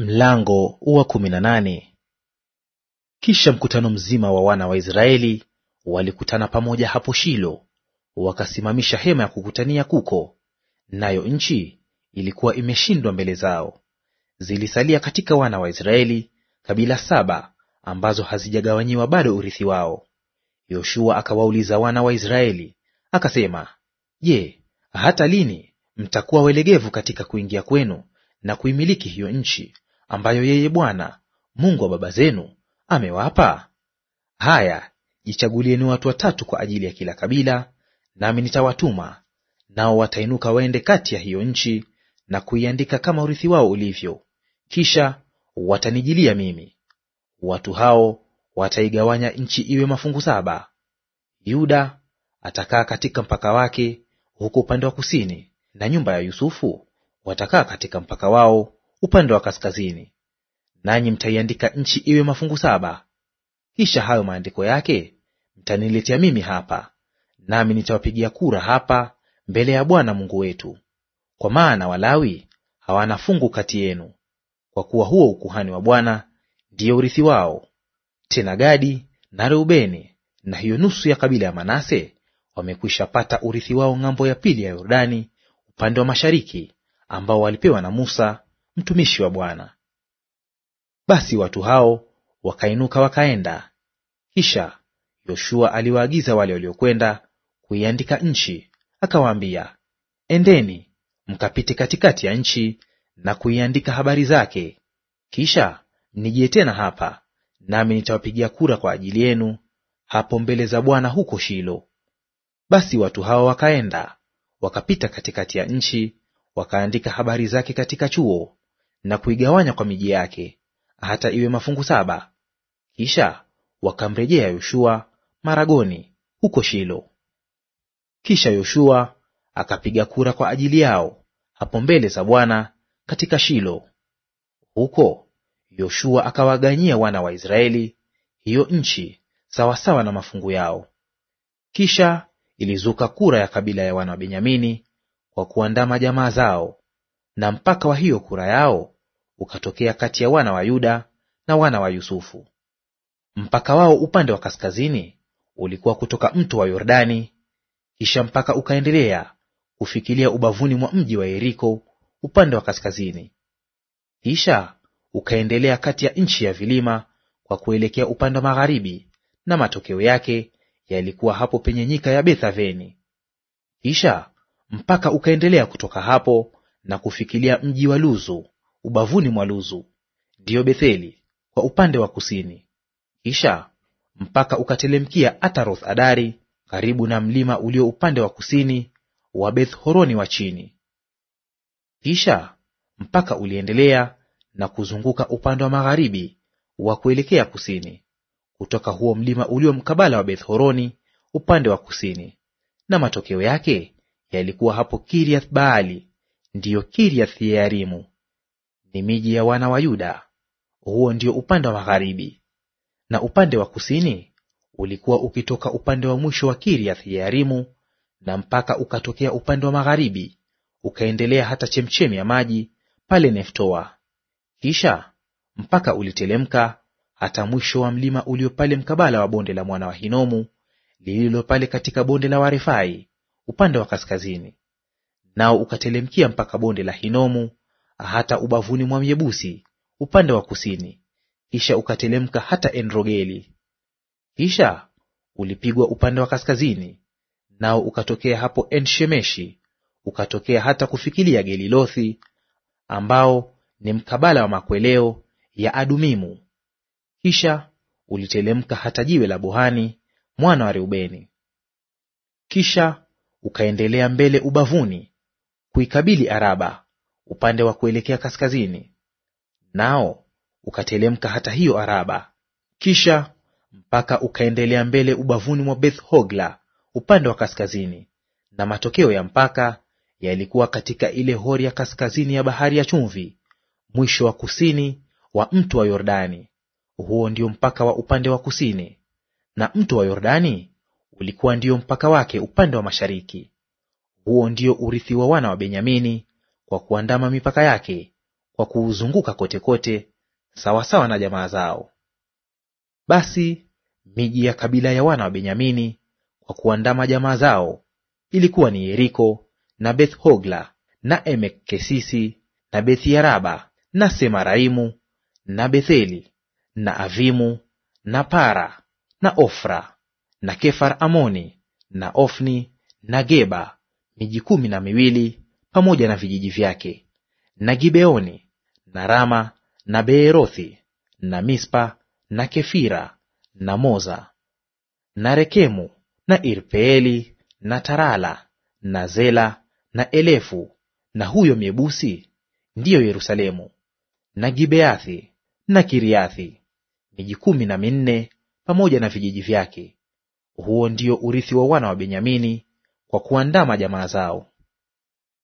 Mlango wa kumi na nane. Kisha mkutano mzima wa wana wa Israeli walikutana pamoja hapo Shilo, wakasimamisha hema ya kukutania kuko, nayo nchi ilikuwa imeshindwa mbele zao. Zilisalia katika wana wa Israeli kabila saba ambazo hazijagawanyiwa bado urithi wao. Yoshua akawauliza wana wa Israeli akasema, Je, hata lini mtakuwa welegevu katika kuingia kwenu na kuimiliki hiyo nchi ambayo yeye Bwana Mungu wa baba zenu amewapa? Haya, jichagulieni watu watatu kwa ajili ya kila kabila, nami nitawatuma nao watainuka waende kati ya hiyo nchi na kuiandika kama urithi wao ulivyo, kisha watanijilia mimi. Watu hao wataigawanya nchi iwe mafungu saba. Yuda atakaa katika mpaka wake huko upande wa kusini, na nyumba ya Yusufu watakaa katika mpaka wao upande wa kaskazini, nanyi mtaiandika nchi iwe mafungu saba. Kisha hayo maandiko yake mtaniletea mimi hapa, nami nitawapigia kura hapa mbele ya Bwana Mungu wetu, kwa maana Walawi hawana fungu kati yenu, kwa kuwa huo ukuhani wa Bwana ndiyo urithi wao. Tena Gadi na Reubeni na hiyo nusu ya kabila ya Manase wamekwisha pata urithi wao ng'ambo ya pili ya Yordani upande wa mashariki, ambao walipewa na Musa mtumishi wa Bwana. Basi watu hao wakainuka wakaenda. Kisha Yoshua aliwaagiza wale waliokwenda kuiandika nchi, akawaambia, endeni mkapite katikati ya nchi na kuiandika habari zake, kisha nijie tena hapa, nami nitawapigia kura kwa ajili yenu hapo mbele za Bwana huko Shilo. Basi watu hao wakaenda wakapita katikati ya nchi, wakaandika habari zake katika chuo na kuigawanya kwa miji yake hata iwe mafungu saba. Kisha wakamrejea Yoshua Maragoni huko Shilo. Kisha Yoshua akapiga kura kwa ajili yao hapo mbele za Bwana katika Shilo. Huko Yoshua akawaganyia wana wa Israeli hiyo nchi sawasawa na mafungu yao. Kisha ilizuka kura ya kabila ya wana wa Benyamini kwa kuandama jamaa zao, na mpaka wa hiyo kura yao ukatokea kati ya wana wa Yuda na wana wa Yusufu. Mpaka wao upande wa kaskazini ulikuwa kutoka mto wa Yordani, kisha mpaka ukaendelea kufikilia ubavuni mwa mji wa Yeriko upande wa kaskazini, kisha ukaendelea kati ya nchi ya vilima kwa kuelekea upande wa magharibi, na matokeo yake yalikuwa hapo penye nyika ya Bethaveni. Kisha mpaka ukaendelea kutoka hapo na kufikilia mji wa Luzu ubavuni mwa Luzu, ndiyo Betheli kwa upande wa kusini. Kisha mpaka ukatelemkia Ataroth Adari karibu na mlima ulio upande wa kusini wa Beth Horoni wa chini. Kisha mpaka uliendelea na kuzunguka upande wa magharibi wa kuelekea kusini, kutoka huo mlima ulio mkabala wa Beth Horoni upande wa kusini. Na matokeo yake yalikuwa hapo Kiriath Baali, ndiyo Kiriath Yearimu, ni miji ya wana wa Yuda. Huo ndio upande wa magharibi. Na upande wa kusini ulikuwa ukitoka upande wa mwisho wa Kiriath Yearimu, na mpaka ukatokea upande wa magharibi ukaendelea hata chemchemi ya maji pale Neftoa. Kisha mpaka ulitelemka hata mwisho wa mlima ulio pale mkabala wa bonde la mwana wa Hinomu lililo pale katika bonde la Warefai upande wa kaskazini, nao ukatelemkia mpaka bonde la Hinomu hata ubavuni mwa Myebusi upande wa kusini, kisha ukatelemka hata Enrogeli. Kisha ulipigwa upande wa kaskazini, nao ukatokea hapo Enshemeshi, ukatokea hata kufikilia Gelilothi, ambao ni mkabala wa makweleo ya Adumimu. Kisha ulitelemka hata jiwe la Bohani mwana wa Reubeni. Kisha ukaendelea mbele ubavuni kuikabili Araba upande wa kuelekea kaskazini, nao ukatelemka hata hiyo Araba, kisha mpaka ukaendelea mbele ubavuni mwa Beth Hogla upande wa kaskazini. Na matokeo ya mpaka yalikuwa katika ile hori ya kaskazini ya bahari ya chumvi, mwisho wa kusini wa mto wa Yordani. Huo ndio mpaka wa upande wa kusini, na mto wa Yordani ulikuwa ndio mpaka wake upande wa mashariki. Huo ndio urithi wa wana wa Benyamini kwa kuandama mipaka yake, kwa kuuzunguka kote kote, sawasawa na jamaa zao. Basi miji ya kabila ya wana wa Benyamini kwa kuandama jamaa zao ilikuwa ni Yeriko na Beth Hogla na Emek Kesisi na Beth Yaraba na Semaraimu na Betheli na Avimu na Para na Ofra na Kefar Amoni na Ofni na Geba, miji kumi na miwili pamoja na vijiji vyake, na Gibeoni na Rama na Beerothi na Mispa na Kefira na Moza na Rekemu na Irpeeli na Tarala na Zela na Elefu na huyo Myebusi, ndiyo Yerusalemu na Gibeathi na Kiriathi, miji kumi na minne pamoja na vijiji vyake. Huo ndio urithi wa wana wa Benyamini kwa kuandama jamaa zao.